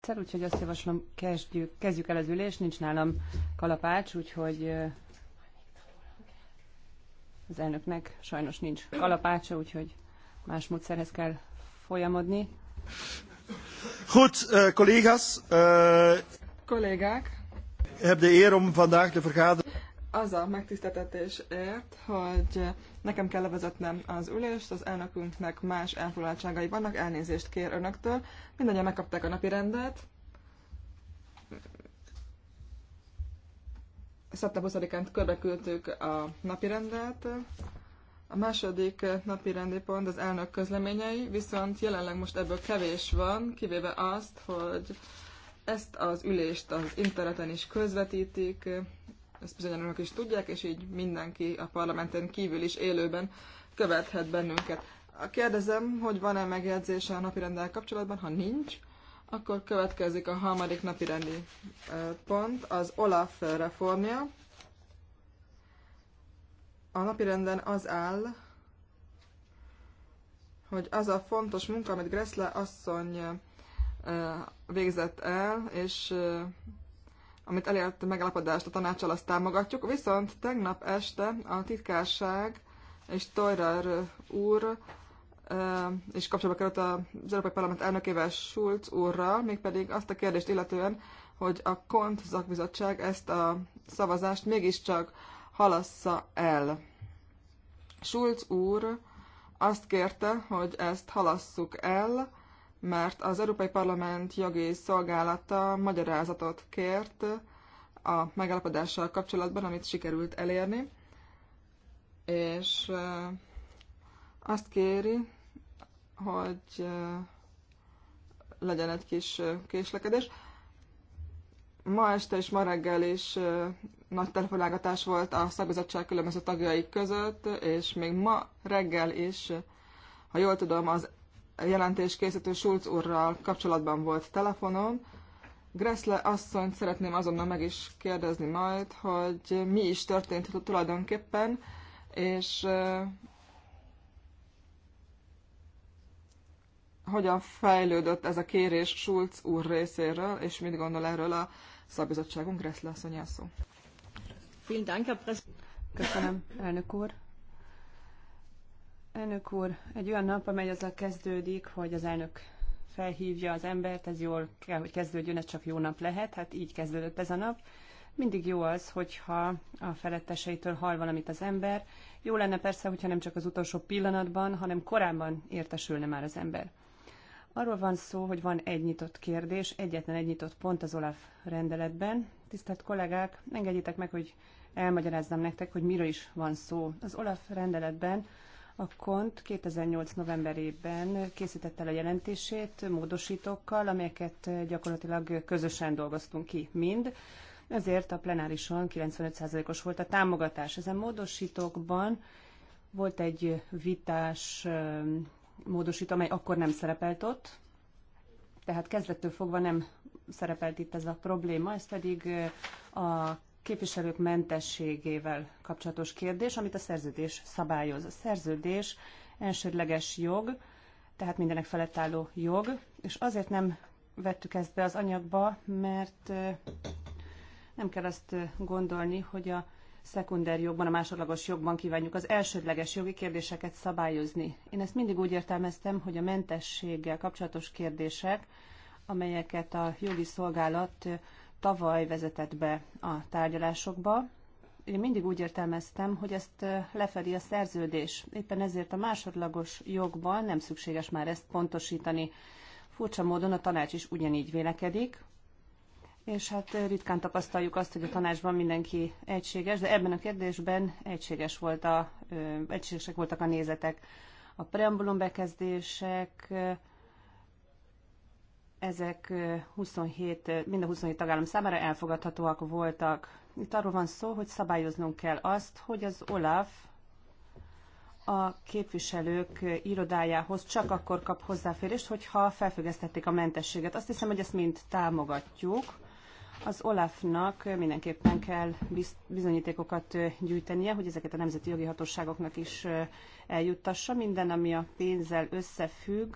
egyszer, úgyhogy azt javaslom, kezdjük, kezdjük el az ülést, nincs nálam kalapács, úgyhogy az elnöknek sajnos nincs kalapácsa, úgyhogy más módszerhez kell folyamodni. Goed, uh, collega's. Uh, Kollégák. Heb de eer om vandaag de vergadering az a megtiszteltetésért, hogy nekem kell levezetnem az ülést, az elnökünknek más elfoglaltságai vannak, elnézést kér önöktől. Mindannyian megkapták a napi rendet. Szeptember 20-án körbeküldtük a napi rendet. A második napi rendi pont az elnök közleményei, viszont jelenleg most ebből kevés van, kivéve azt, hogy ezt az ülést az interneten is közvetítik, ezt bizony önök is tudják, és így mindenki a parlamenten kívül is élőben követhet bennünket. Kérdezem, hogy van-e megjegyzése a napirenddel kapcsolatban, ha nincs, akkor következik a harmadik napirendi pont, az Olaf reformja. A napirenden az áll, hogy az a fontos munka, amit Gressle asszony végzett el, és amit elért megállapodást a tanácsal, azt támogatjuk. Viszont tegnap este a titkárság és Toirer úr és kapcsolatba került az Európai Parlament elnökével Schulz úrral, mégpedig azt a kérdést illetően, hogy a KONT szakbizottság ezt a szavazást mégiscsak halassza el. Schulz úr azt kérte, hogy ezt halasszuk el, mert az Európai Parlament jogi szolgálata magyarázatot kért a megállapodással kapcsolatban, amit sikerült elérni, és eh, azt kéri, hogy eh, legyen egy kis eh, késlekedés. Ma este és ma reggel is nagy telefonálgatás volt a szakbizottság különböző tagjai között, és még ma reggel is, ha jól tudom, az jelentéskészítő Schulz úrral kapcsolatban volt telefonon. Gressle asszonyt szeretném azonnal meg is kérdezni majd, hogy mi is történt tulajdonképpen, és hogyan fejlődött ez a kérés Schulz úr részéről, és mit gondol erről a szabizottságunk, Gressle asszony szó. Köszönöm, elnök úr. Elnök úr, egy olyan nap, amely azzal kezdődik, hogy az elnök felhívja az embert, ez jól kell, hogy kezdődjön, ez csak jó nap lehet, hát így kezdődött ez a nap. Mindig jó az, hogyha a feletteseitől hall valamit az ember. Jó lenne persze, hogyha nem csak az utolsó pillanatban, hanem korábban értesülne már az ember. Arról van szó, hogy van egy nyitott kérdés, egyetlen egy nyitott pont az OLAF rendeletben. Tisztelt kollégák, engedjétek meg, hogy elmagyarázzam nektek, hogy miről is van szó. Az OLAF rendeletben a KONT 2008. novemberében készítette el a jelentését módosítókkal, amelyeket gyakorlatilag közösen dolgoztunk ki mind. Ezért a plenárison 95%-os volt a támogatás. Ezen módosítókban volt egy vitás módosító, amely akkor nem szerepelt ott, tehát kezdettől fogva nem szerepelt itt ez a probléma, ez pedig a képviselők mentességével kapcsolatos kérdés, amit a szerződés szabályoz. A szerződés elsődleges jog, tehát mindenek felett álló jog, és azért nem vettük ezt be az anyagba, mert nem kell azt gondolni, hogy a szekunder jogban, a másodlagos jogban kívánjuk az elsődleges jogi kérdéseket szabályozni. Én ezt mindig úgy értelmeztem, hogy a mentességgel kapcsolatos kérdések, amelyeket a jogi szolgálat tavaly vezetett be a tárgyalásokba. Én mindig úgy értelmeztem, hogy ezt lefedi a szerződés. Éppen ezért a másodlagos jogban nem szükséges már ezt pontosítani. Furcsa módon a tanács is ugyanígy vélekedik, és hát ritkán tapasztaljuk azt, hogy a tanácsban mindenki egységes, de ebben a kérdésben egységes volt a, egységesek voltak a nézetek. A preambulum bekezdések, ezek 27, mind a 27 tagállam számára elfogadhatóak voltak. Itt arról van szó, hogy szabályoznunk kell azt, hogy az OLAF a képviselők irodájához csak akkor kap hozzáférést, hogyha felfüggesztették a mentességet. Azt hiszem, hogy ezt mind támogatjuk. Az Olafnak mindenképpen kell bizonyítékokat gyűjtenie, hogy ezeket a nemzeti jogi hatóságoknak is eljuttassa. Minden, ami a pénzzel összefügg,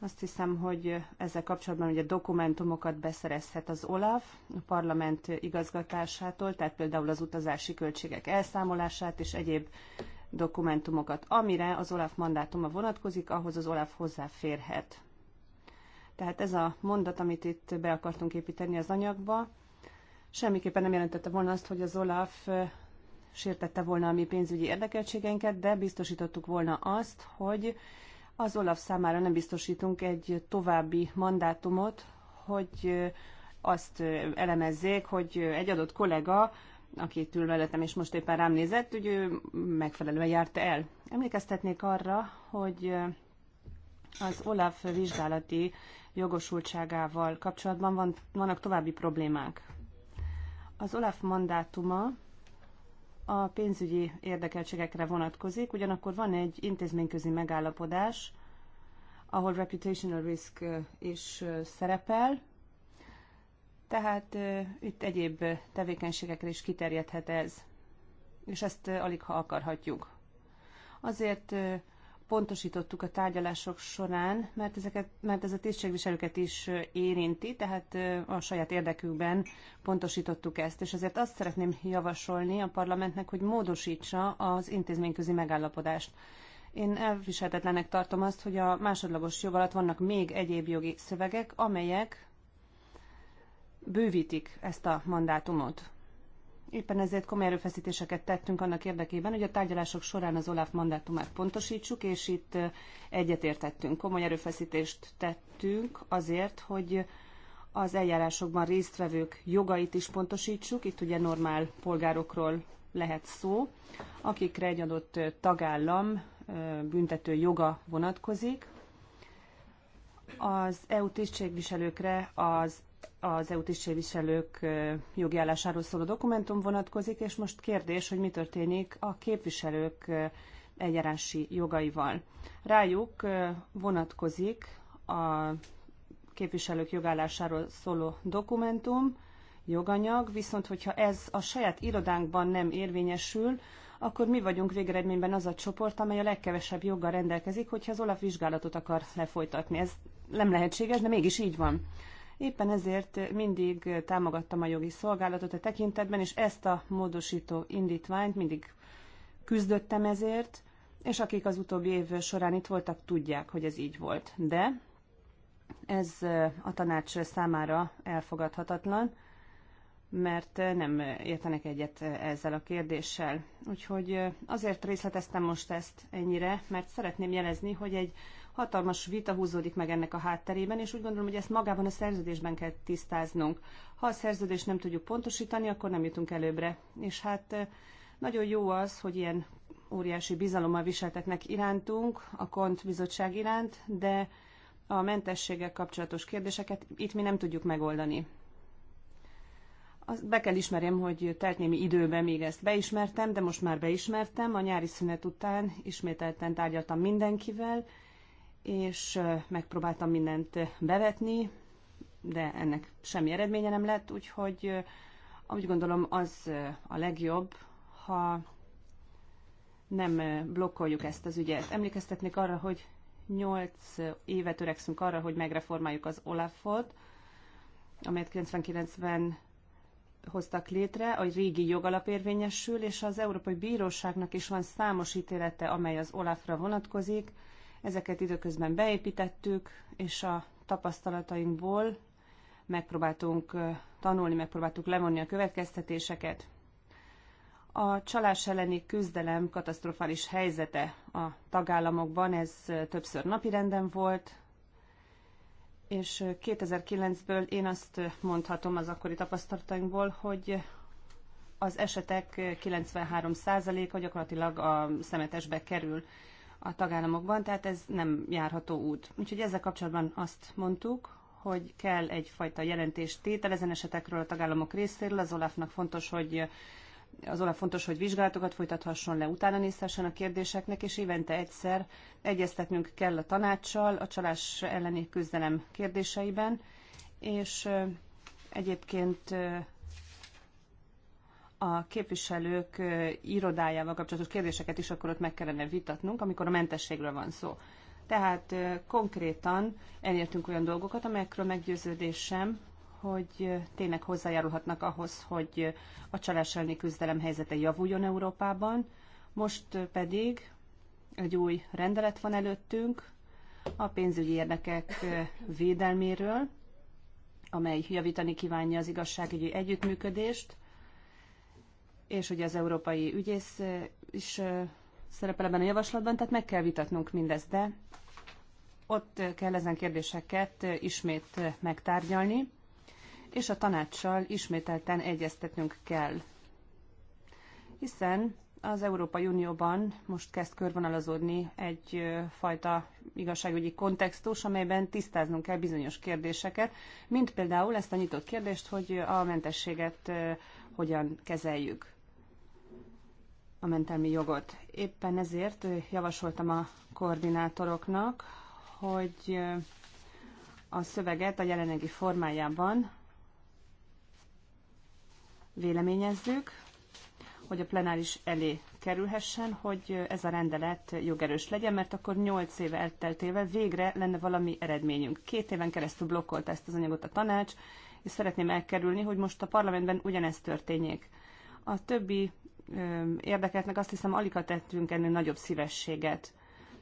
azt hiszem, hogy ezzel kapcsolatban ugye dokumentumokat beszerezhet az OLAF a parlament igazgatásától, tehát például az utazási költségek elszámolását és egyéb dokumentumokat, amire az OLAF mandátuma vonatkozik, ahhoz az OLAF hozzáférhet. Tehát ez a mondat, amit itt be akartunk építeni az anyagba, semmiképpen nem jelentette volna azt, hogy az OLAF sértette volna a mi pénzügyi érdekeltségeinket, de biztosítottuk volna azt, hogy az Olaf számára nem biztosítunk egy további mandátumot, hogy azt elemezzék, hogy egy adott kollega, aki itt ül mellettem és most éppen rám nézett, hogy ő megfelelően járta el. Emlékeztetnék arra, hogy az Olaf vizsgálati jogosultságával kapcsolatban van, vannak további problémák. Az Olaf mandátuma a pénzügyi érdekeltségekre vonatkozik, ugyanakkor van egy intézményközi megállapodás, ahol reputational risk is szerepel, tehát itt egyéb tevékenységekre is kiterjedhet ez, és ezt alig ha akarhatjuk. Azért pontosítottuk a tárgyalások során, mert, ezeket, mert ez a tisztségviselőket is érinti, tehát a saját érdekükben pontosítottuk ezt, és ezért azt szeretném javasolni a parlamentnek, hogy módosítsa az intézményközi megállapodást. Én elviselhetetlenek tartom azt, hogy a másodlagos jog alatt vannak még egyéb jogi szövegek, amelyek bővítik ezt a mandátumot. Éppen ezért komoly erőfeszítéseket tettünk annak érdekében, hogy a tárgyalások során az OLAF mandátumát pontosítsuk, és itt egyetértettünk. Komoly erőfeszítést tettünk azért, hogy az eljárásokban résztvevők jogait is pontosítsuk. Itt ugye normál polgárokról lehet szó, akikre egy adott tagállam büntető joga vonatkozik. Az EU tisztségviselőkre az az EU tisztségviselők jogi állásáról szóló dokumentum vonatkozik, és most kérdés, hogy mi történik a képviselők eljárási jogaival. Rájuk vonatkozik a képviselők jogállásáról szóló dokumentum, joganyag, viszont hogyha ez a saját irodánkban nem érvényesül, akkor mi vagyunk végeredményben az a csoport, amely a legkevesebb joggal rendelkezik, hogyha az Olaf vizsgálatot akar lefolytatni. Ez nem lehetséges, de mégis így van. Éppen ezért mindig támogattam a jogi szolgálatot a tekintetben, és ezt a módosító indítványt mindig küzdöttem ezért, és akik az utóbbi év során itt voltak, tudják, hogy ez így volt. De ez a tanács számára elfogadhatatlan, mert nem értenek egyet ezzel a kérdéssel. Úgyhogy azért részleteztem most ezt ennyire, mert szeretném jelezni, hogy egy Hatalmas vita húzódik meg ennek a hátterében, és úgy gondolom, hogy ezt magában a szerződésben kell tisztáznunk. Ha a szerződést nem tudjuk pontosítani, akkor nem jutunk előbbre. És hát eh, nagyon jó az, hogy ilyen óriási bizalommal viseltetnek irántunk, a KONT bizottság iránt, de a mentességgel kapcsolatos kérdéseket itt mi nem tudjuk megoldani. Azt be kell ismerjem, hogy telt némi időben még ezt beismertem, de most már beismertem. A nyári szünet után ismételten tárgyaltam mindenkivel, és megpróbáltam mindent bevetni, de ennek semmi eredménye nem lett, úgyhogy úgy gondolom az a legjobb, ha nem blokkoljuk ezt az ügyet. Emlékeztetnék arra, hogy 8 éve törekszünk arra, hogy megreformáljuk az Olafot, amelyet 99-ben hoztak létre, a régi jogalap érvényesül, és az Európai Bíróságnak is van számos ítélete, amely az Olafra vonatkozik, Ezeket időközben beépítettük, és a tapasztalatainkból megpróbáltunk tanulni, megpróbáltuk levonni a következtetéseket. A csalás elleni küzdelem katasztrofális helyzete a tagállamokban, ez többször napirenden volt, és 2009-ből én azt mondhatom az akkori tapasztalatainkból, hogy az esetek 93%-a gyakorlatilag a szemetesbe kerül a tagállamokban, tehát ez nem járható út. Úgyhogy ezzel kapcsolatban azt mondtuk, hogy kell egyfajta tétel ezen esetekről a tagállamok részéről. Az Olafnak fontos, hogy az Olaf fontos, hogy vizsgálatokat folytathasson le, utána nézhessen a kérdéseknek, és évente egyszer egyeztetnünk kell a tanácssal a csalás elleni küzdelem kérdéseiben, és egyébként a képviselők irodájával kapcsolatos kérdéseket is akkor ott meg kellene vitatnunk, amikor a mentességről van szó. Tehát konkrétan elértünk olyan dolgokat, amelyekről meggyőződésem, hogy tényleg hozzájárulhatnak ahhoz, hogy a csalás elleni küzdelem helyzete javuljon Európában. Most pedig egy új rendelet van előttünk a pénzügyi érdekek védelméről, amely javítani kívánja az igazságügyi együttműködést, és ugye az európai ügyész is szerepel ebben a javaslatban, tehát meg kell vitatnunk mindezt, de ott kell ezen kérdéseket ismét megtárgyalni, és a tanácssal ismételten egyeztetnünk kell. Hiszen az Európai Unióban most kezd körvonalazódni egyfajta igazságügyi kontextus, amelyben tisztáznunk kell bizonyos kérdéseket, mint például ezt a nyitott kérdést, hogy a mentességet hogyan kezeljük a mentelmi jogot. Éppen ezért javasoltam a koordinátoroknak, hogy a szöveget a jelenlegi formájában véleményezzük, hogy a plenáris elé kerülhessen, hogy ez a rendelet jogerős legyen, mert akkor 8 éve elteltével végre lenne valami eredményünk. Két éven keresztül blokkolt ezt az anyagot a tanács, és szeretném elkerülni, hogy most a parlamentben ugyanezt történjék. A többi Érdekeltnek azt hiszem alig tettünk ennél nagyobb szívességet.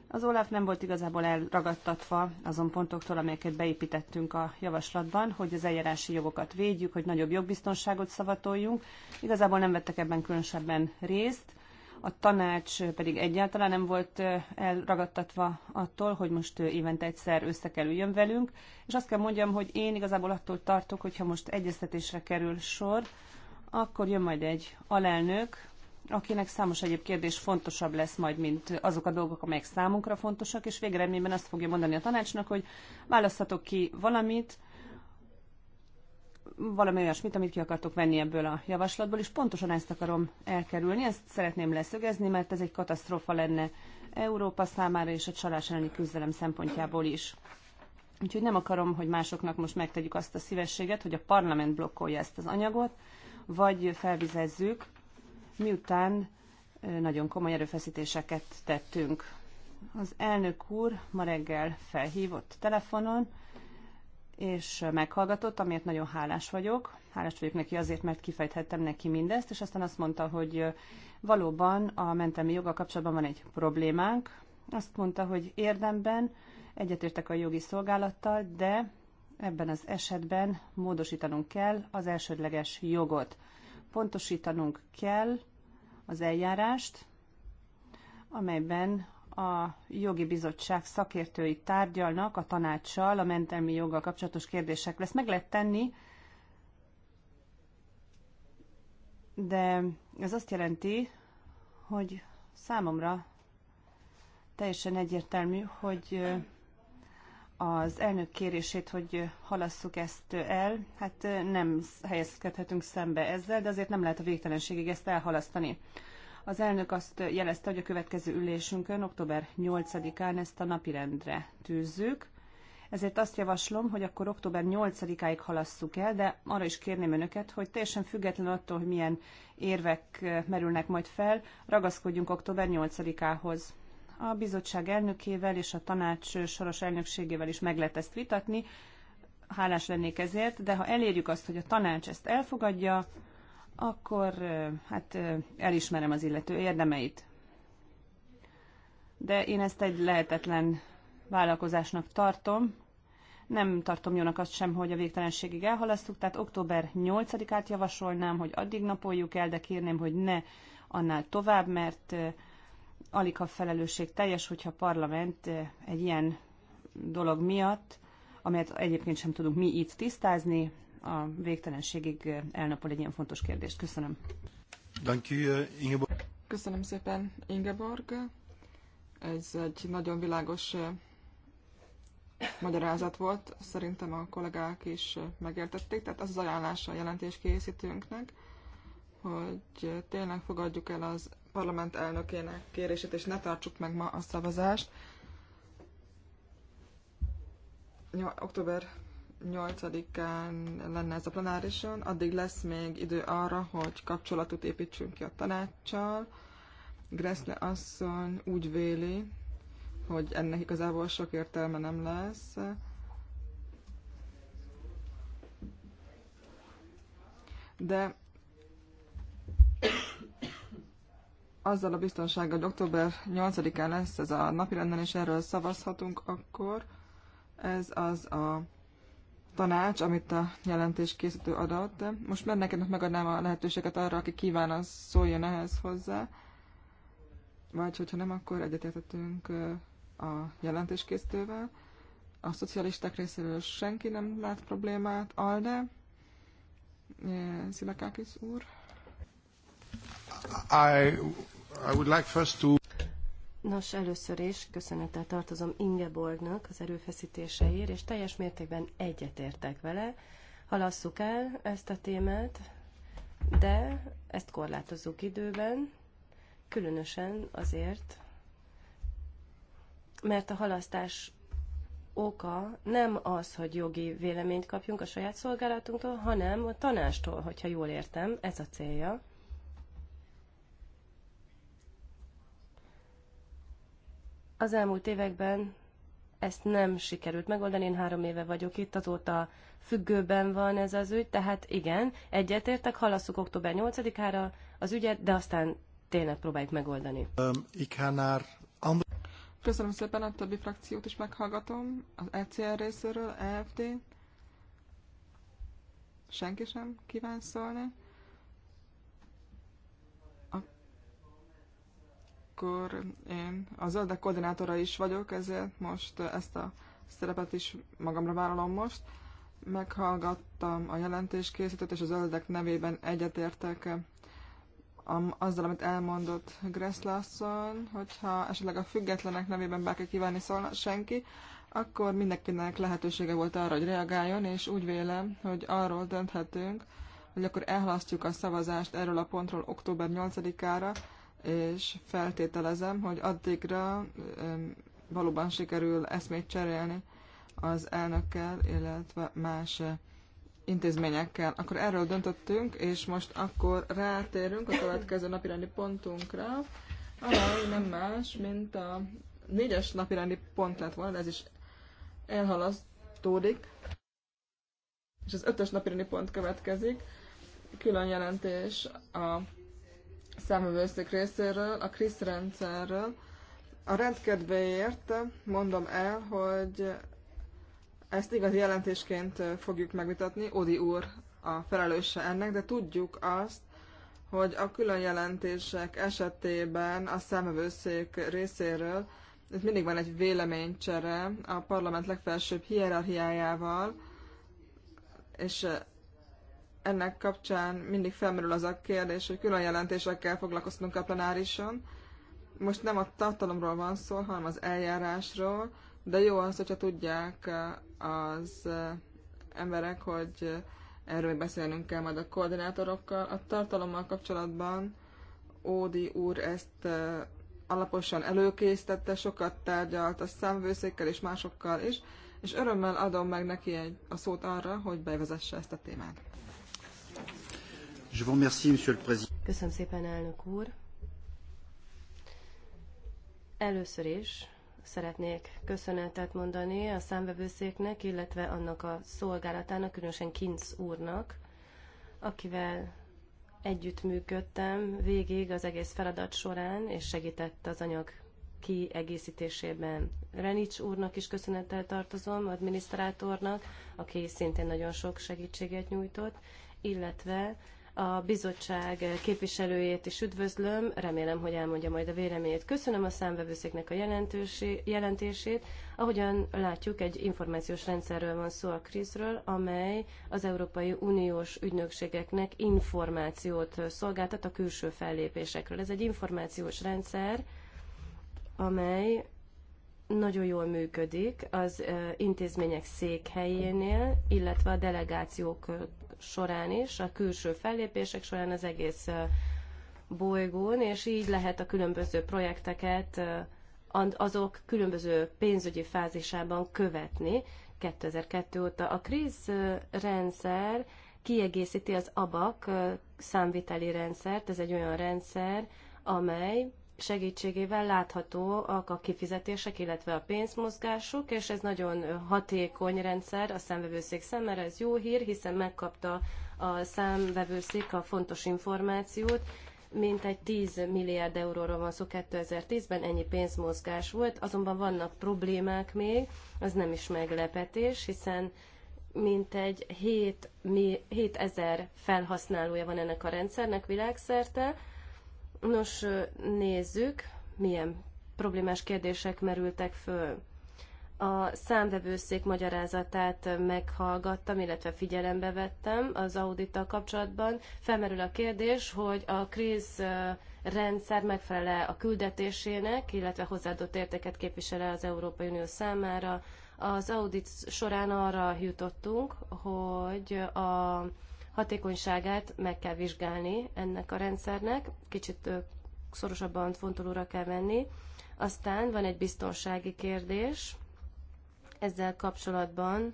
Az Olaf nem volt igazából elragadtatva azon pontoktól, amelyeket beépítettünk a javaslatban, hogy az eljárási jogokat védjük, hogy nagyobb jogbiztonságot szavatoljunk. Igazából nem vettek ebben különösebben részt. A tanács pedig egyáltalán nem volt elragadtatva attól, hogy most évente egyszer össze kell üljön velünk. És azt kell mondjam, hogy én igazából attól tartok, hogyha most egyeztetésre kerül sor, akkor jön majd egy alelnök, akinek számos egyéb kérdés fontosabb lesz majd, mint azok a dolgok, amelyek számunkra fontosak, és végeredményben azt fogja mondani a tanácsnak, hogy választhatok ki valamit, valami olyasmit, amit ki akartok venni ebből a javaslatból, és pontosan ezt akarom elkerülni, ezt szeretném leszögezni, mert ez egy katasztrófa lenne Európa számára és a csalás elleni küzdelem szempontjából is. Úgyhogy nem akarom, hogy másoknak most megtegyük azt a szívességet, hogy a parlament blokkolja ezt az anyagot, vagy felvizezzük miután nagyon komoly erőfeszítéseket tettünk. Az elnök úr ma reggel felhívott telefonon, és meghallgatott, amiért nagyon hálás vagyok. Hálás vagyok neki azért, mert kifejthettem neki mindezt, és aztán azt mondta, hogy valóban a mentelmi joga kapcsolatban van egy problémánk. Azt mondta, hogy érdemben egyetértek a jogi szolgálattal, de ebben az esetben módosítanunk kell az elsődleges jogot pontosítanunk kell az eljárást, amelyben a jogi bizottság szakértői tárgyalnak a tanácssal a mentelmi joggal kapcsolatos kérdések lesz. meg lehet tenni, de ez azt jelenti, hogy számomra teljesen egyértelmű, hogy az elnök kérését, hogy halasszuk ezt el, hát nem helyezkedhetünk szembe ezzel, de azért nem lehet a végtelenségig ezt elhalasztani. Az elnök azt jelezte, hogy a következő ülésünkön, október 8-án ezt a napirendre tűzzük. Ezért azt javaslom, hogy akkor október 8-áig halasszuk el, de arra is kérném önöket, hogy teljesen független attól, hogy milyen érvek merülnek majd fel, ragaszkodjunk október 8-ához a bizottság elnökével és a tanács soros elnökségével is meg lehet ezt vitatni. Hálás lennék ezért, de ha elérjük azt, hogy a tanács ezt elfogadja, akkor hát elismerem az illető érdemeit. De én ezt egy lehetetlen vállalkozásnak tartom. Nem tartom jónak azt sem, hogy a végtelenségig elhalasztjuk, tehát október 8-át javasolnám, hogy addig napoljuk el, de kérném, hogy ne annál tovább, mert alig a felelősség teljes, hogyha a parlament eh, egy ilyen dolog miatt, amelyet egyébként sem tudunk mi itt tisztázni, a végtelenségig eh, elnapol egy ilyen fontos kérdést. Köszönöm. Eh, Köszönöm szépen, Ingeborg. Ez egy nagyon világos magyarázat volt. Szerintem a kollégák is megértették, tehát az az ajánlása a jelentés készítőnknek, hogy tényleg fogadjuk el az parlament elnökének kérését, és ne tartsuk meg ma a szavazást. Október 8-án lenne ez a plenárison, addig lesz még idő arra, hogy kapcsolatot építsünk ki a tanácssal. Gressle asszony úgy véli, hogy ennek igazából sok értelme nem lesz. De azzal a biztonsággal, hogy október 8-án lesz ez a napirenden, és erről szavazhatunk akkor. Ez az a tanács, amit a jelentés készítő adott. Most már neked megadnám a lehetőséget arra, aki kíván, az szóljon ehhez hozzá. Vagy hogyha nem, akkor egyetértettünk a jelentéskészítővel. A szocialisták részéről senki nem lát problémát. Alde? Szilakákis úr? I Nos, először is köszönettel tartozom Ingeborgnak az erőfeszítéseért, és teljes mértékben egyetértek vele. Halasszuk el ezt a témát, de ezt korlátozzuk időben, különösen azért, mert a halasztás oka nem az, hogy jogi véleményt kapjunk a saját szolgálatunktól, hanem a tanástól, hogyha jól értem, ez a célja. Az elmúlt években ezt nem sikerült megoldani, én három éve vagyok itt, azóta függőben van ez az ügy, tehát igen, egyetértek, halasszuk október 8-ára az ügyet, de aztán tényleg próbáljuk megoldani. Um, Köszönöm szépen, a többi frakciót is meghallgatom, az ECR részéről, EFD. Senki sem kíván szólni. akkor én a zöldek koordinátora is vagyok, ezért most ezt a szerepet is magamra vállalom most. Meghallgattam a jelentéskészítőt, és a zöldek nevében egyetértek azzal, amit elmondott Lasson, hogyha esetleg a függetlenek nevében bárki kívánni szólna senki, akkor mindenkinek lehetősége volt arra, hogy reagáljon, és úgy vélem, hogy arról dönthetünk, hogy akkor elhalasztjuk a szavazást erről a pontról október 8-ára, és feltételezem, hogy addigra valóban sikerül eszmét cserélni az elnökkel, illetve más eh, intézményekkel. Akkor erről döntöttünk, és most akkor rátérünk a következő napirendi pontunkra, amely nem más, mint a négyes napirendi pont lett volna, de ez is elhalasztódik. És az ötös napirendi pont következik, külön jelentés a számövőszék részéről, a KRISZ rendszerről. A rendkedvéért mondom el, hogy ezt igazi jelentésként fogjuk megvitatni, Odi úr a felelőse ennek, de tudjuk azt, hogy a külön jelentések esetében a számövőszék részéről itt mindig van egy véleménycsere a parlament legfelsőbb hierarchiájával, és ennek kapcsán mindig felmerül az a kérdés, hogy külön jelentésekkel foglalkoztunk a plenárison. Most nem a tartalomról van szó, hanem az eljárásról, de jó az, hogyha tudják az emberek, hogy erről beszélnünk kell majd a koordinátorokkal. A tartalommal kapcsolatban Ódi úr ezt alaposan előkészítette, sokat tárgyalt a számvőszékkel és másokkal is, és örömmel adom meg neki egy, a szót arra, hogy bevezesse ezt a témát. Je vous remercie, Monsieur le Président. Köszönöm szépen, elnök úr. Először is szeretnék köszönetet mondani a számvevőszéknek, illetve annak a szolgálatának, különösen Kinz úrnak, akivel együttműködtem végig az egész feladat során, és segített az anyag kiegészítésében. Renics úrnak is köszönettel tartozom, adminisztrátornak, aki szintén nagyon sok segítséget nyújtott, illetve a bizottság képviselőjét is üdvözlöm, remélem, hogy elmondja majd a véleményét. Köszönöm a számvevőszéknek a jelentését. Ahogyan látjuk, egy információs rendszerről van szó a krízről, amely az Európai Uniós ügynökségeknek információt szolgáltat a külső fellépésekről. Ez egy információs rendszer, amely nagyon jól működik az intézmények székhelyénél, illetve a delegációk során is, a külső fellépések során az egész bolygón, és így lehet a különböző projekteket azok különböző pénzügyi fázisában követni. 2002 óta a kríz rendszer kiegészíti az ABAK számviteli rendszert, ez egy olyan rendszer, amely segítségével láthatóak a kifizetések, illetve a pénzmozgásuk, és ez nagyon hatékony rendszer a számvevőszék számára, ez jó hír, hiszen megkapta a számvevőszék a fontos információt, mint egy 10 milliárd euróról van szó 2010-ben, ennyi pénzmozgás volt, azonban vannak problémák még, az nem is meglepetés, hiszen mintegy 7, 7 ezer felhasználója van ennek a rendszernek világszerte, Nos, nézzük, milyen problémás kérdések merültek föl. A számvevőszék magyarázatát meghallgattam, illetve figyelembe vettem az audittal kapcsolatban. Felmerül a kérdés, hogy a kríz rendszer megfelele a küldetésének, illetve hozzáadott értéket képvisele az Európai Unió számára. Az audit során arra jutottunk, hogy a hatékonyságát meg kell vizsgálni ennek a rendszernek, kicsit szorosabban fontolóra kell venni. Aztán van egy biztonsági kérdés, ezzel kapcsolatban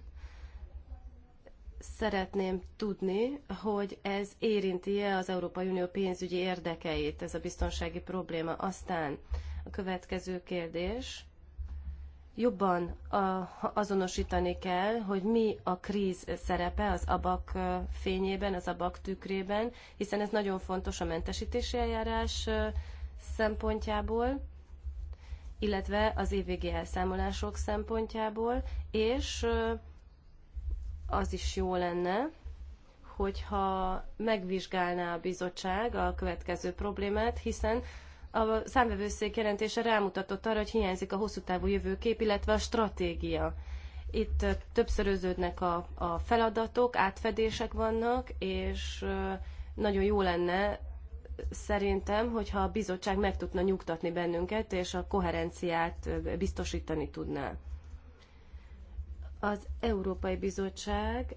szeretném tudni, hogy ez érinti-e az Európai Unió pénzügyi érdekeit, ez a biztonsági probléma. Aztán a következő kérdés jobban a, azonosítani kell, hogy mi a kríz szerepe az abak fényében, az abak tükrében, hiszen ez nagyon fontos a mentesítési eljárás szempontjából, illetve az évvégi elszámolások szempontjából, és az is jó lenne, hogyha megvizsgálná a bizottság a következő problémát, hiszen a számvevőszék jelentése rámutatott arra, hogy hiányzik a hosszú távú jövőkép, illetve a stratégia. Itt többszöröződnek a, a feladatok, átfedések vannak, és nagyon jó lenne szerintem, hogyha a bizottság meg tudna nyugtatni bennünket, és a koherenciát biztosítani tudná. Az Európai Bizottság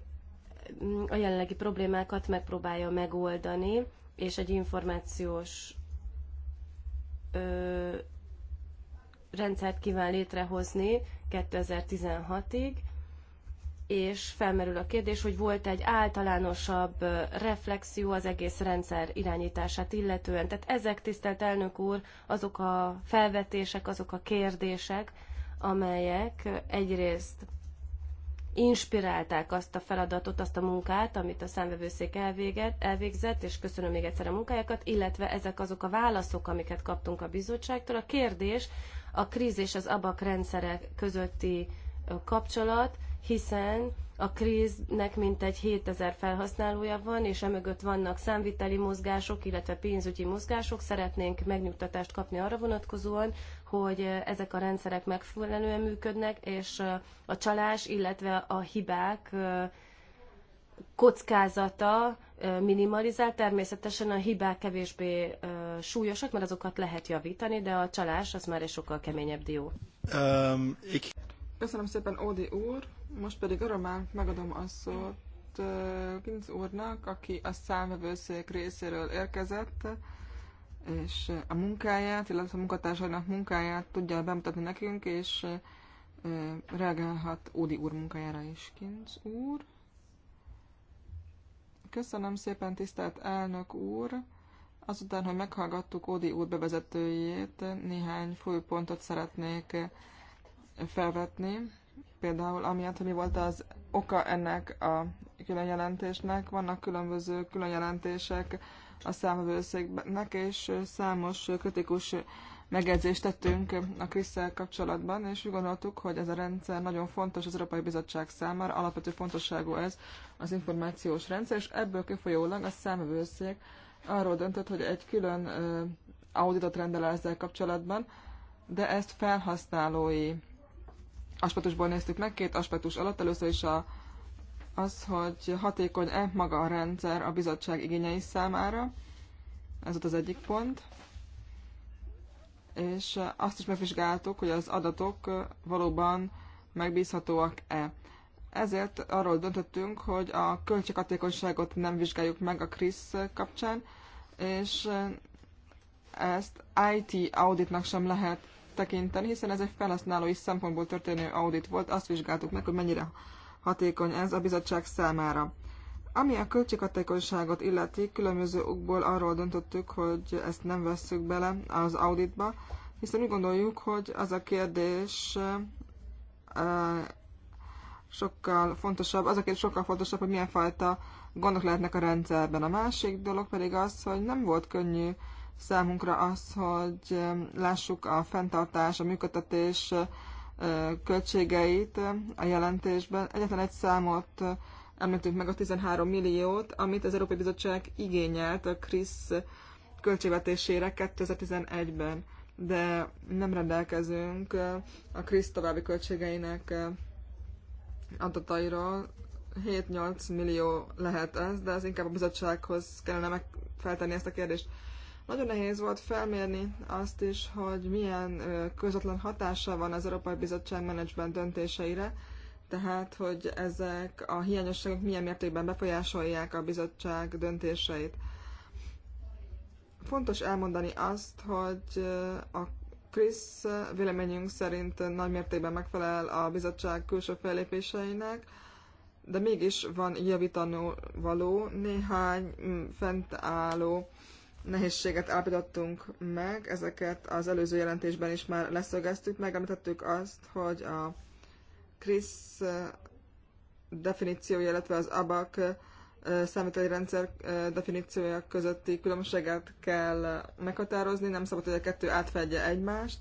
mm, a jelenlegi problémákat megpróbálja megoldani, és egy információs ö, rendszert kíván létrehozni 2016-ig, és felmerül a kérdés, hogy volt egy általánosabb reflexió az egész rendszer irányítását illetően. Tehát ezek, tisztelt elnök úr, azok a felvetések, azok a kérdések, amelyek egyrészt inspirálták azt a feladatot, azt a munkát, amit a számvevőszék elvéget, elvégzett, és köszönöm még egyszer a munkájukat, illetve ezek azok a válaszok, amiket kaptunk a bizottságtól. A kérdés a kríz és az abak rendszerek közötti kapcsolat, hiszen a kríznek mintegy 7000 felhasználója van, és emögött vannak számviteli mozgások, illetve pénzügyi mozgások. Szeretnénk megnyugtatást kapni arra vonatkozóan, hogy ezek a rendszerek megfelelően működnek, és a csalás, illetve a hibák kockázata minimalizált, természetesen a hibák kevésbé súlyosak, mert azokat lehet javítani, de a csalás az már egy sokkal keményebb dió. Um, ik... Köszönöm szépen, Ódi úr! Most pedig örömmel megadom a szót Ginz úrnak, aki a számvevőszék részéről érkezett, és a munkáját, illetve a munkatársainak munkáját tudja bemutatni nekünk, és reagálhat Ódi úr munkájára is, Kinz úr. Köszönöm szépen, tisztelt elnök úr! Azután, hogy meghallgattuk Ódi úr bevezetőjét, néhány folyópontot szeretnék felvetni például amiatt, hogy mi volt az oka ennek a külön jelentésnek Vannak különböző külön jelentések a számvevőszéknek, és számos kritikus megjegyzést tettünk a krisz kapcsolatban, és úgy gondoltuk, hogy ez a rendszer nagyon fontos az Európai Bizottság számára, alapvető fontosságú ez az információs rendszer, és ebből kifolyólag a számvevőszék arról döntött, hogy egy külön auditot rendel ezzel kapcsolatban, de ezt felhasználói aspektusból néztük meg, két aspektus alatt. Először is a, az, hogy hatékony-e maga a rendszer a bizottság igényei számára. Ez ott az egyik pont. És azt is megvizsgáltuk, hogy az adatok valóban megbízhatóak-e. Ezért arról döntöttünk, hogy a költséghatékonyságot nem vizsgáljuk meg a KRISZ kapcsán, és ezt IT auditnak sem lehet tekinteni, hiszen ez egy felhasználói szempontból történő audit volt, azt vizsgáltuk meg, hogy mennyire hatékony ez a bizottság számára. Ami a költséghatékonyságot illeti, különböző okból arról döntöttük, hogy ezt nem vesszük bele az auditba, hiszen úgy gondoljuk, hogy az a kérdés sokkal fontosabb, az a kérdés sokkal fontosabb, hogy milyen fajta gondok lehetnek a rendszerben. A másik dolog pedig az, hogy nem volt könnyű számunkra az, hogy lássuk a fenntartás, a működtetés költségeit a jelentésben. Egyetlen egy számot említünk meg a 13 milliót, amit az Európai Bizottság igényelt a KRISZ költségvetésére 2011-ben, de nem rendelkezünk a KRISZ további költségeinek adatairól. 7-8 millió lehet ez, de az inkább a bizottsághoz kellene megfeltenni ezt a kérdést. Nagyon nehéz volt felmérni azt is, hogy milyen közvetlen hatása van az Európai Bizottság menedzsment döntéseire, tehát hogy ezek a hiányosságok milyen mértékben befolyásolják a bizottság döntéseit. Fontos elmondani azt, hogy a Krisz véleményünk szerint nagy mértékben megfelel a bizottság külső fellépéseinek, de mégis van javítanó való néhány mm, fentálló nehézséget állapítottunk meg, ezeket az előző jelentésben is már leszögeztük, megemlítettük azt, hogy a Krisz definíciója, illetve az ABAC számítani rendszer definíciója közötti különbséget kell meghatározni, nem szabad, hogy a kettő átfedje egymást.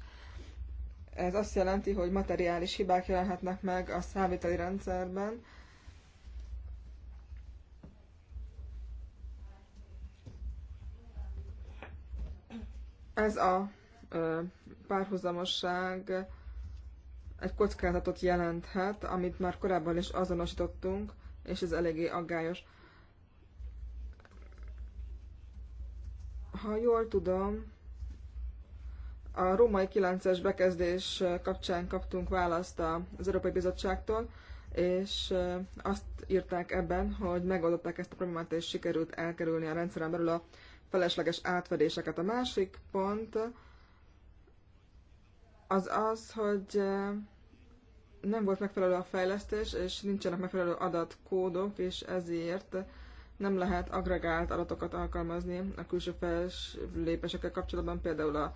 Ez azt jelenti, hogy materiális hibák jelenhetnek meg a számítani rendszerben, Ez a párhuzamosság egy kockázatot jelenthet, amit már korábban is azonosítottunk, és ez eléggé aggályos. Ha jól tudom, a római 9-es bekezdés kapcsán kaptunk választ az Európai Bizottságtól, és azt írták ebben, hogy megoldották ezt a problémát, és sikerült elkerülni a rendszeren belül a felesleges átvedéseket. A másik pont az az, hogy eh, nem volt megfelelő a fejlesztés, és nincsenek megfelelő adatkódok, és ezért nem lehet agregált adatokat alkalmazni a külső lépésekkel kapcsolatban, például a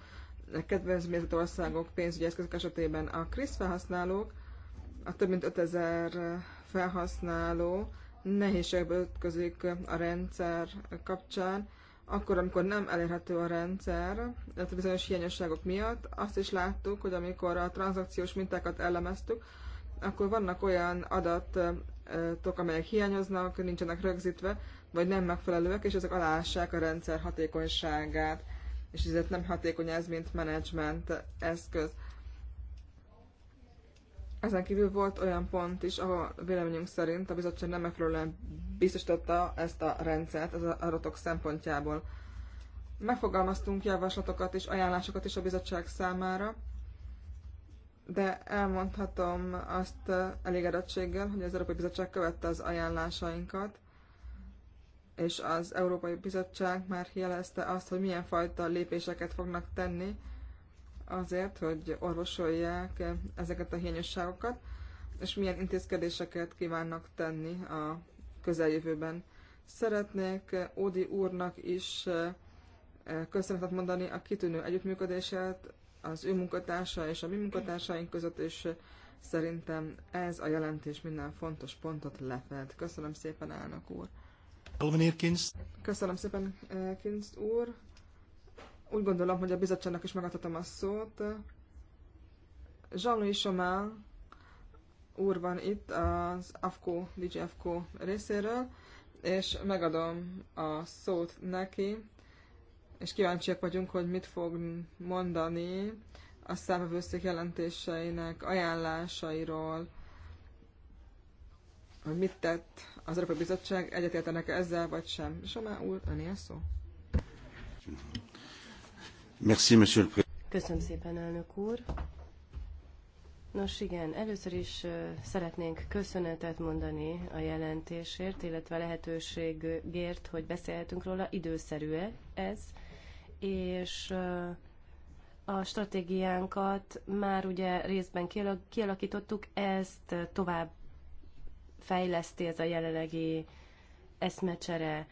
kedvezményezett országok pénzügyi eszközök esetében a KRISZ felhasználók, a több mint 5000 felhasználó nehézségbe ötközik a rendszer kapcsán, akkor, amikor nem elérhető a rendszer, illetve bizonyos hiányosságok miatt, azt is láttuk, hogy amikor a tranzakciós mintákat elemeztük, akkor vannak olyan adatok, amelyek hiányoznak, nincsenek rögzítve, vagy nem megfelelőek, és ezek alássák a rendszer hatékonyságát, és ezért nem hatékony ez, mint menedzsment eszköz. Ezen kívül volt olyan pont is, ahol véleményünk szerint a bizottság nem megfelelően biztosította ezt a rendszert az adatok szempontjából. Megfogalmaztunk javaslatokat és ajánlásokat is a bizottság számára, de elmondhatom azt elégedettséggel, hogy az Európai Bizottság követte az ajánlásainkat, és az Európai Bizottság már jelezte azt, hogy milyen fajta lépéseket fognak tenni azért, hogy orvosolják ezeket a hiányosságokat, és milyen intézkedéseket kívánnak tenni a közeljövőben. Szeretnék Ódi úrnak is eh, köszönetet mondani a kitűnő együttműködését az ő munkatársa és a mi munkatársaink között, és szerintem ez a jelentés minden fontos pontot lefed. Köszönöm szépen, elnök úr! Köszönöm szépen, eh, Kinst úr! Úgy gondolom, hogy a bizottságnak is megadhatom a szót. Jean-Louis Chomel úr van itt az AFCO, DJ AFCO részéről, és megadom a szót neki, és kíváncsiak vagyunk, hogy mit fog mondani a számvevőszék jelentéseinek ajánlásairól, hogy mit tett az Európai Bizottság, egyetértenek ezzel vagy sem. Somá úr, önél szó. Merci, monsieur le président. Köszönöm szépen, elnök úr. Nos igen, először is szeretnénk köszönetet mondani a jelentésért, illetve a lehetőségért, hogy beszélhetünk róla, időszerű -e ez, és a stratégiánkat már ugye részben kialakítottuk, ezt tovább fejleszti ez a jelenlegi eszmecsere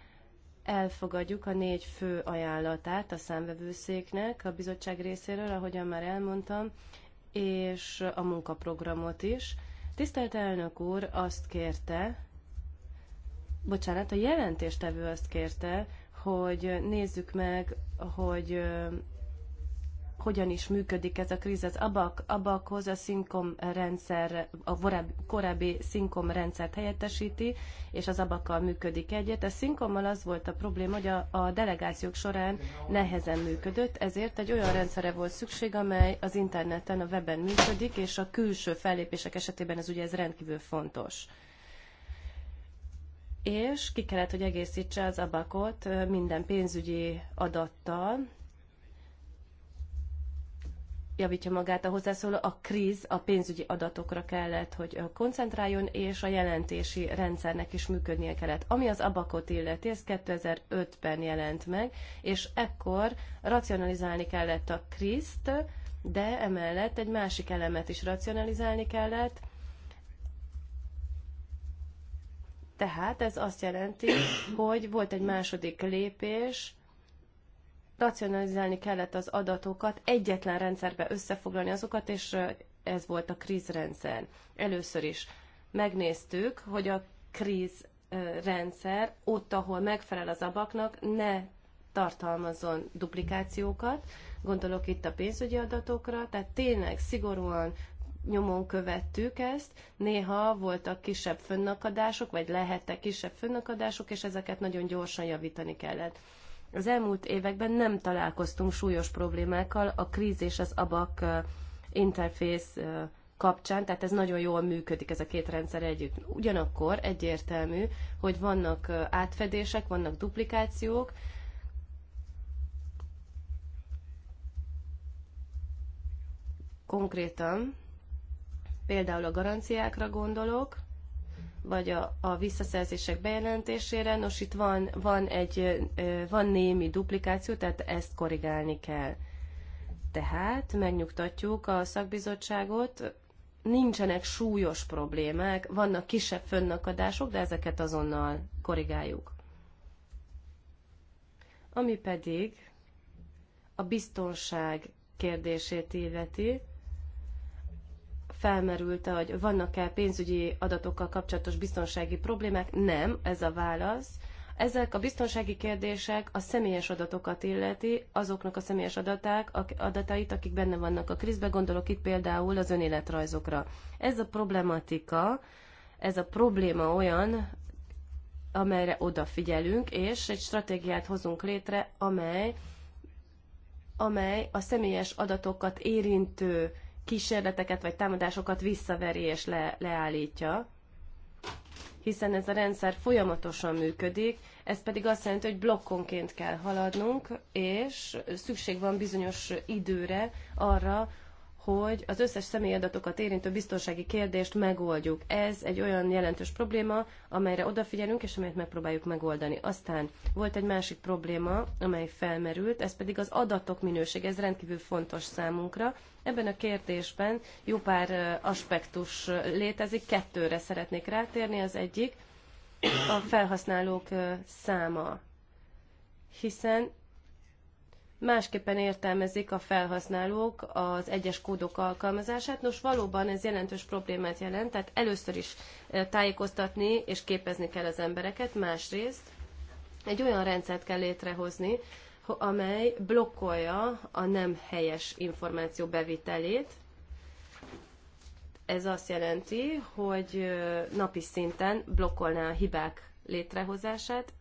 elfogadjuk a négy fő ajánlatát a számvevőszéknek a bizottság részéről, ahogyan már elmondtam, és a munkaprogramot is. Tisztelt elnök úr azt kérte, bocsánat, a jelentéstevő azt kérte, hogy nézzük meg, hogy hogyan is működik ez a kríz. Az abak, abakhoz a szinkom rendszer, a vorábbi, korábbi szinkom rendszert helyettesíti, és az abakkal működik egyet. A szinkommal az volt a probléma, hogy a, a delegációk során nehezen működött, ezért egy olyan rendszere volt szükség, amely az interneten, a weben működik, és a külső fellépések esetében ez ugye ez rendkívül fontos és ki kellett, hogy egészítse az abakot minden pénzügyi adattal, javítja magát a hozzászóló, a kríz a pénzügyi adatokra kellett, hogy koncentráljon, és a jelentési rendszernek is működnie kellett. Ami az abakot illeti, ez 2005-ben jelent meg, és ekkor racionalizálni kellett a kriszt, de emellett egy másik elemet is racionalizálni kellett, tehát ez azt jelenti, hogy volt egy második lépés, racionalizálni kellett az adatokat, egyetlen rendszerbe összefoglalni azokat, és ez volt a krízrendszer. Először is megnéztük, hogy a krízrendszer ott, ahol megfelel az abaknak, ne tartalmazzon duplikációkat, gondolok itt a pénzügyi adatokra, tehát tényleg szigorúan nyomon követtük ezt, néha voltak kisebb fönnakadások, vagy lehettek kisebb fönnakadások, és ezeket nagyon gyorsan javítani kellett. Az elmúlt években nem találkoztunk súlyos problémákkal a kríz és az abak interfész kapcsán, tehát ez nagyon jól működik ez a két rendszer együtt. Ugyanakkor egyértelmű, hogy vannak átfedések, vannak duplikációk, konkrétan például a garanciákra gondolok, vagy a, a visszaszerzések bejelentésére. Nos, itt van, van, egy, van némi duplikáció, tehát ezt korrigálni kell. Tehát megnyugtatjuk a szakbizottságot, nincsenek súlyos problémák, vannak kisebb fönnakadások, de ezeket azonnal korrigáljuk. Ami pedig a biztonság kérdését illeti, felmerült, hogy vannak-e pénzügyi adatokkal kapcsolatos biztonsági problémák. Nem, ez a válasz. Ezek a biztonsági kérdések a személyes adatokat illeti, azoknak a személyes adaták, adatait, akik benne vannak a kriszbe, gondolok itt például az önéletrajzokra. Ez a problematika, ez a probléma olyan, amelyre odafigyelünk, és egy stratégiát hozunk létre, amely, amely a személyes adatokat érintő kísérleteket vagy támadásokat visszaveri és le, leállítja, hiszen ez a rendszer folyamatosan működik, ez pedig azt jelenti, hogy blokkonként kell haladnunk, és szükség van bizonyos időre arra, hogy az összes személyadatokat érintő biztonsági kérdést megoldjuk. Ez egy olyan jelentős probléma, amelyre odafigyelünk, és amelyet megpróbáljuk megoldani. Aztán volt egy másik probléma, amely felmerült, ez pedig az adatok minőség. Ez rendkívül fontos számunkra. Ebben a kérdésben jó pár aspektus létezik, kettőre szeretnék rátérni. Az egyik a felhasználók száma, hiszen másképpen értelmezik a felhasználók az egyes kódok alkalmazását. Nos, valóban ez jelentős problémát jelent, tehát először is eh, tájékoztatni és képezni kell az embereket, másrészt egy olyan rendszert kell létrehozni, amely blokkolja a nem helyes információ bevitelét. Ez azt jelenti, hogy eh, napi szinten blokkolná a hibák létrehozását,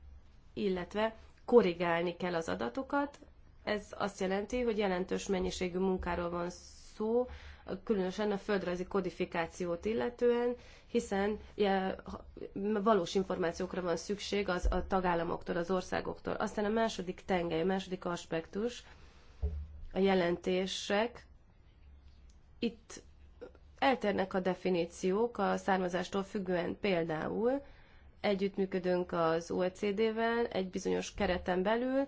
illetve korrigálni kell az adatokat, ez azt jelenti, hogy jelentős mennyiségű munkáról van szó, különösen a földrajzi kodifikációt illetően, hiszen valós információkra van szükség az a tagállamoktól, az országoktól. Aztán a második tengely, a második aspektus, a jelentések. Itt eltérnek a definíciók a származástól függően például, együttműködünk az OECD-vel egy bizonyos kereten belül,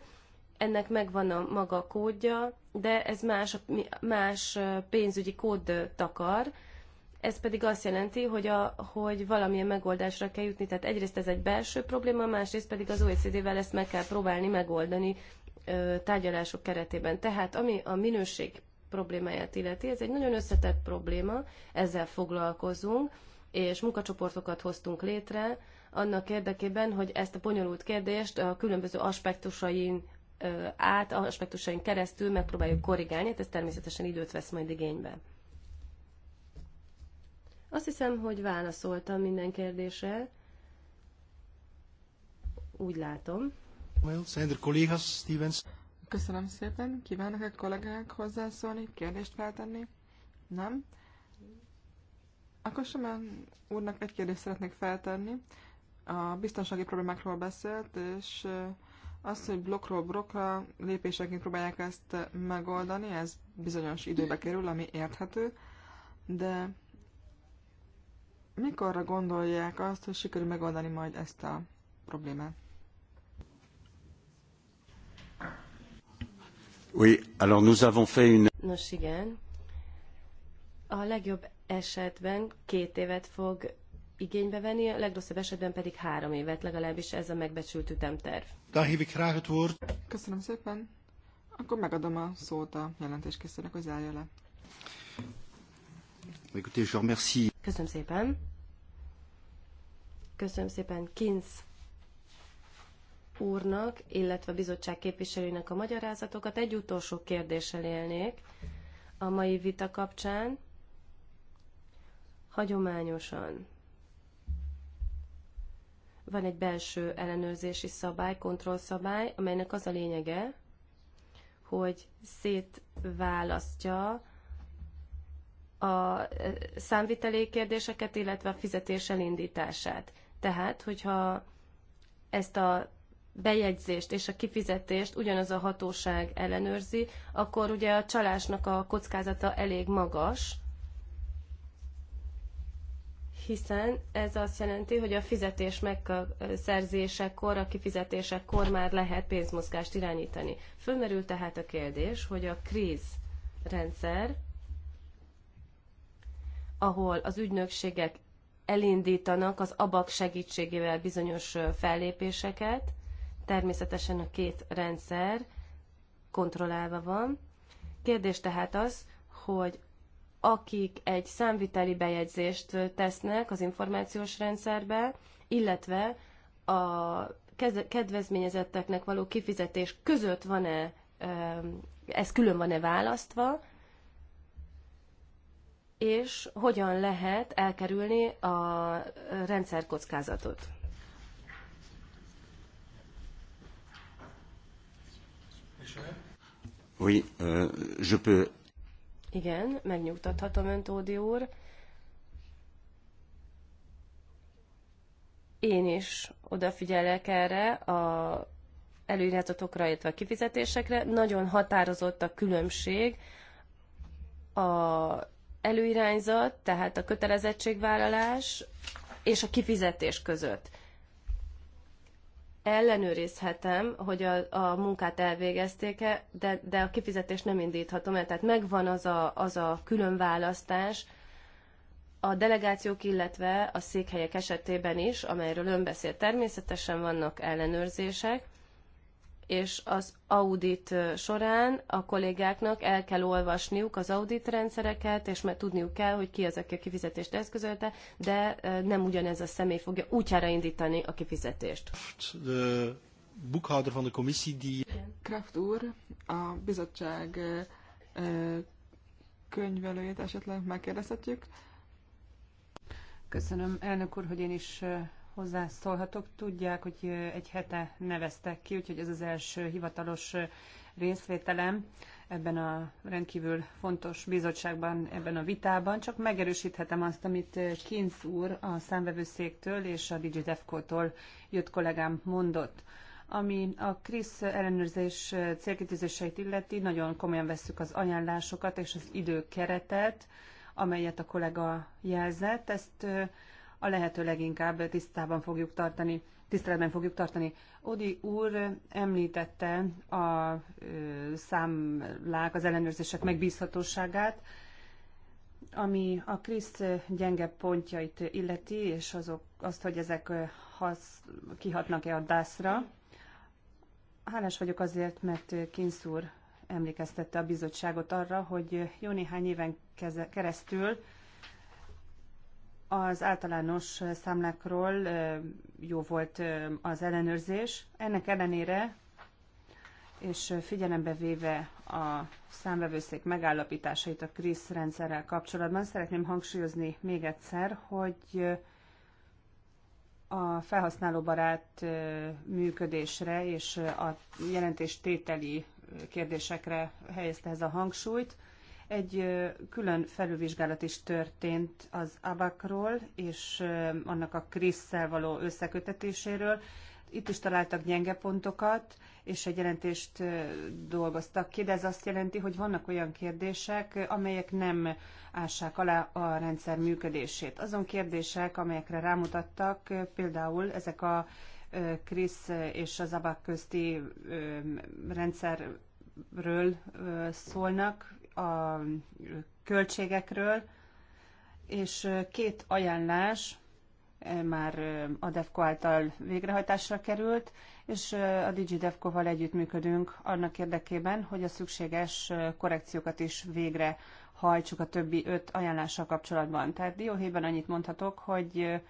ennek megvan a maga kódja, de ez más, más pénzügyi kód takar, ez pedig azt jelenti, hogy, a, hogy valamilyen megoldásra kell jutni. Tehát egyrészt ez egy belső probléma, másrészt pedig az OECD-vel ezt meg kell próbálni megoldani ö, tárgyalások keretében. Tehát ami a minőség problémáját illeti, ez egy nagyon összetett probléma, ezzel foglalkozunk, és munkacsoportokat hoztunk létre, annak érdekében, hogy ezt a bonyolult kérdést a különböző aspektusain át, aspektusain keresztül megpróbáljuk korrigálni, hát ez természetesen időt vesz majd igénybe. Azt hiszem, hogy válaszoltam minden kérdésre. Úgy látom. Er Köszönöm szépen. Kívánok a kollégák hozzászólni, kérdést feltenni? Nem? Akkor sem úrnak egy kérdést szeretnék feltenni. A biztonsági problémákról beszélt, és az, hogy blokkról blokkra lépéseként próbálják ezt megoldani, ez bizonyos időbe kerül, ami érthető, de mikorra gondolják azt, hogy sikerül megoldani majd ezt a problémát? Oui, alors nous avons fait une... Nos igen. A legjobb esetben két évet fog igénybe venni, a legrosszabb esetben pedig három évet, legalábbis ez a megbecsült ütemterv. Köszönöm szépen. Akkor megadom a szót a jelentéskészülnek, hogy zárja le. Köszönöm szépen. Köszönöm szépen Kinsz úrnak, illetve a bizottság képviselőinek a magyarázatokat. Egy utolsó kérdéssel élnék a mai vita kapcsán. Hagyományosan van egy belső ellenőrzési szabály, kontrollszabály, amelynek az a lényege, hogy szétválasztja a e, számviteli kérdéseket, illetve a fizetés elindítását. Tehát, hogyha ezt a bejegyzést és a kifizetést ugyanaz a hatóság ellenőrzi, akkor ugye a csalásnak a kockázata elég magas, hiszen ez azt jelenti, hogy a fizetés megszerzésekor, a kifizetésekor már lehet pénzmozgást irányítani. Fölmerül tehát a kérdés, hogy a kríz rendszer, ahol az ügynökségek elindítanak az abak segítségével bizonyos fellépéseket, természetesen a két rendszer kontrollálva van. Kérdés tehát az, hogy akik egy számviteli bejegyzést tesznek az információs rendszerbe, illetve a kedvezményezetteknek való kifizetés között van-e, ez külön van-e választva, és hogyan lehet elkerülni a kockázatot. Oui, euh, je peux igen, megnyugtathatom önt, Ódi úr. Én is odafigyelek erre a előírásokra, illetve a kifizetésekre. Nagyon határozott a különbség a előirányzat, tehát a kötelezettségvállalás és a kifizetés között ellenőrizhetem, hogy a, a munkát elvégezték-e, de, de a kifizetést nem indíthatom el. Tehát megvan az a, az a választás a delegációk, illetve a székhelyek esetében is, amelyről ön beszél. Természetesen vannak ellenőrzések, és az audit során a kollégáknak el kell olvasniuk az audit rendszereket, és mert tudniuk kell, hogy ki az, aki a kifizetést eszközölte, de nem ugyanez a személy fogja útjára indítani a kifizetést. The boekhouder van a commissie die... Kraft úr, a bizottság könyvelőjét esetleg megkérdezhetjük. Köszönöm, elnök úr, hogy én is hozzászólhatok. Tudják, hogy egy hete neveztek ki, úgyhogy ez az első hivatalos részvételem ebben a rendkívül fontos bizottságban, ebben a vitában. Csak megerősíthetem azt, amit Kinz úr a számvevőszéktől és a DigiDefco-tól jött kollégám mondott. Ami a KRISZ ellenőrzés célkitűzéseit illeti, nagyon komolyan vesszük az ajánlásokat és az időkeretet, amelyet a kollega jelzett. Ezt a lehető leginkább tisztában fogjuk tartani, tiszteletben fogjuk tartani. Odi úr említette a számlák, az ellenőrzések megbízhatóságát, ami a Krisz gyenge pontjait illeti, és azok, azt, hogy ezek hasz, kihatnak-e a dászra. Hálás vagyok azért, mert Kinsz úr emlékeztette a bizottságot arra, hogy jó néhány éven keresztül az általános számlákról jó volt az ellenőrzés. Ennek ellenére, és figyelembe véve a számvevőszék megállapításait a KRISZ rendszerrel kapcsolatban, szeretném hangsúlyozni még egyszer, hogy a felhasználóbarát működésre és a jelentéstételi kérdésekre helyezte ez a hangsúlyt. Egy külön felülvizsgálat is történt az abakról és annak a krisszel való összekötetéséről. Itt is találtak gyenge pontokat, és egy jelentést dolgoztak ki, de ez azt jelenti, hogy vannak olyan kérdések, amelyek nem ássák alá a rendszer működését. Azon kérdések, amelyekre rámutattak, például ezek a Krisz és az ABAK közti rendszerről szólnak, a költségekről, és két ajánlás már a DEFCO által végrehajtásra került, és a DigiDevco-val együttműködünk annak érdekében, hogy a szükséges korrekciókat is végre hajtsuk a többi öt ajánlással kapcsolatban. Tehát dióhéjban annyit mondhatok, hogy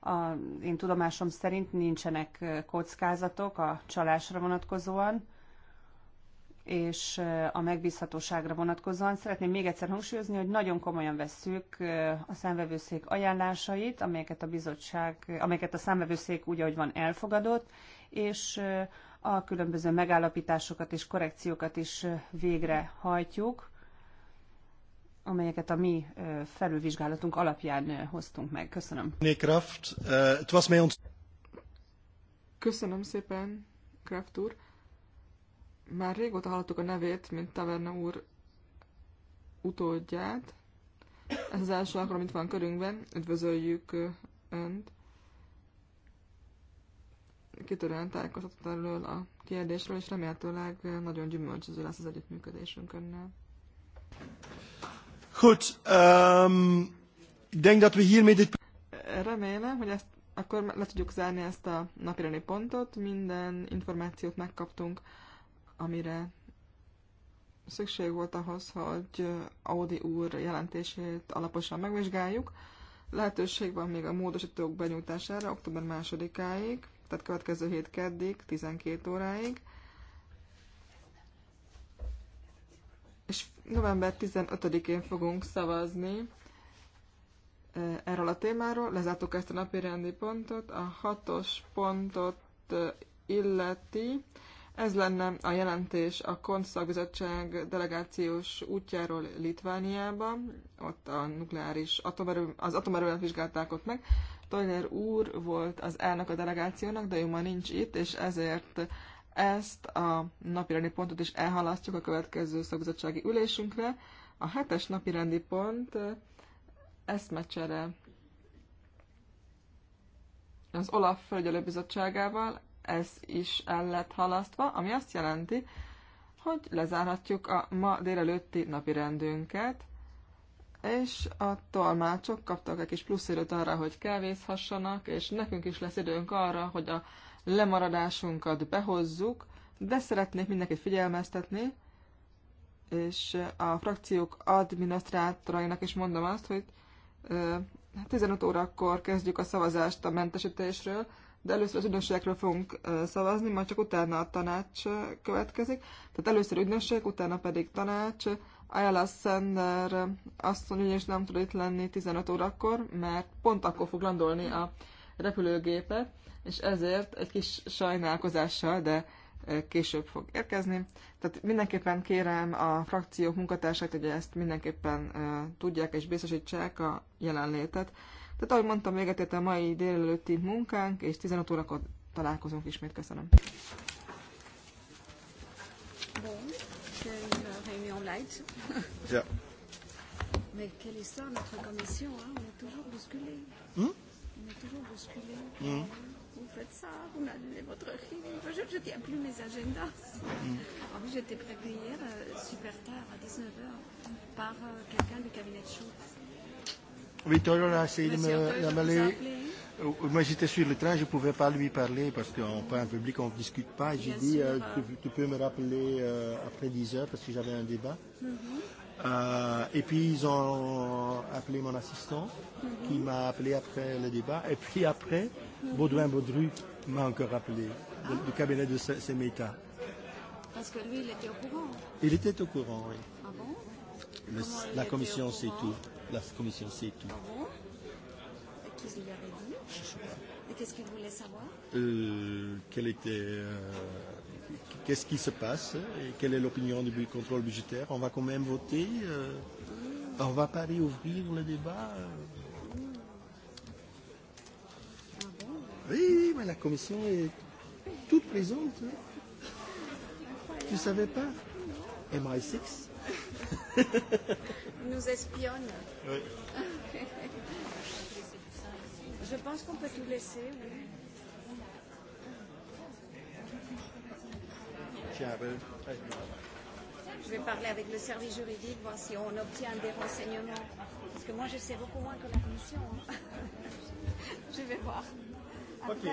a, én tudomásom szerint nincsenek kockázatok a csalásra vonatkozóan, és a megbízhatóságra vonatkozóan szeretném még egyszer hangsúlyozni, hogy nagyon komolyan vesszük a számvevőszék ajánlásait, amelyeket a bizottság, amelyeket a számvevőszék úgy, ahogy van elfogadott, és a különböző megállapításokat és korrekciókat is végrehajtjuk, amelyeket a mi felülvizsgálatunk alapján hoztunk meg. Köszönöm. Eh, Köszönöm szépen, Kraft úr. Már régóta hallottuk a nevét, mint Taverna úr utódját. Ez az első alkalom amit van körünkben. Üdvözöljük Önt. Kitörően tájékoztatott erről a kérdésről, és remélhetőleg nagyon gyümölcsöző lesz az együttműködésünk Önnel. Goed, um, denk dat we hiermee dit... Remélem, hogy ezt akkor le tudjuk zárni ezt a napirani pontot, minden információt megkaptunk amire szükség volt ahhoz, hogy Audi úr jelentését alaposan megvizsgáljuk. Lehetőség van még a módosítók benyújtására október 2 tehát következő hét keddig, 12 óráig. És november 15-én fogunk szavazni eh, erről a témáról. Lezártuk ezt a napi rendi pontot. A hatos pontot eh, illeti ez lenne a jelentés a Konszakbizottság delegációs útjáról Litvániába, ott a nukleáris atomerő, az atomerőmet vizsgálták ott meg. Toiner úr volt az elnök a delegációnak, de ő ma nincs itt, és ezért ezt a napirendi pontot is elhalasztjuk a következő szakbizottsági ülésünkre. A hetes napirendi pont eh, eszmecsere az Olaf Fölgyelőbizottságával, ez is el lett halasztva, ami azt jelenti, hogy lezárhatjuk a ma délelőtti napi rendünket, és a tolmácsok kaptak egy kis plusz időt arra, hogy kávézhassanak, és nekünk is lesz időnk arra, hogy a lemaradásunkat behozzuk, de szeretnék mindenkit figyelmeztetni, és a frakciók adminisztrátorainak is mondom azt, hogy 15 hát órakor kezdjük a szavazást a mentesítésről, de először az ügynökségekről fogunk szavazni, majd csak utána a tanács következik. Tehát először ügynökség, utána pedig tanács. Ayala Sender asszony ugyanis nem tud itt lenni 15 órakor, mert pont akkor fog landolni a repülőgépe, és ezért egy kis sajnálkozással, de később fog érkezni. Tehát mindenképpen kérem a frakciók munkatársát, hogy ezt mindenképpen tudják és biztosítsák a jelenlétet tehát ahogy mondtam, véget a mai délelőtti munkánk, és 15 órakor találkozunk ismét. Köszönöm. Mais quelle histoire, notre commission, hein, on est toujours bousculé. Hmm? On est toujours bousculé. Hmm. Vous faites ça, vous annulez votre rythme. Je ne tiens plus mes agendas. Hmm. En plus, j'étais prévue hier, euh, super tard, à 19h, par euh, quelqu'un du cabinet de Schultz. Victoria a essayé de m'aller. Moi, j'étais sur le train, je ne pouvais pas lui parler parce qu'en point public, on ne discute pas. J'ai dit, sûr, euh, euh, tu, tu peux me rappeler euh, après 10 heures parce que j'avais un débat. Mm -hmm. euh, et puis, ils ont appelé mon assistant mm -hmm. qui m'a appelé après le débat. Et puis après, mm -hmm. Baudouin Baudru m'a encore appelé ah. du cabinet de Semeta. Parce que lui, il était au courant Il était au courant, oui. Ah bon le, La commission c'est tout la commission sait tout. Ah bon Et qu'est-ce qu'il avait dit Je ne sais pas. Et qu'est-ce qu'il voulait savoir euh, Quel était. Euh, Qu'est-ce qui se passe et quelle est l'opinion du contrôle budgétaire On va quand même voter euh, mmh. On ne va pas réouvrir le débat euh. mmh. ah bon oui, oui, mais la commission est toute présente. Hein. Tu savais pas MI6 mmh nous espionne. Oui. Je pense qu'on peut tout laisser. Oui. Je vais parler avec le service juridique, voir si on obtient des renseignements. Parce que moi, je sais beaucoup moins que la commission. Hein. je vais voir. Après, okay.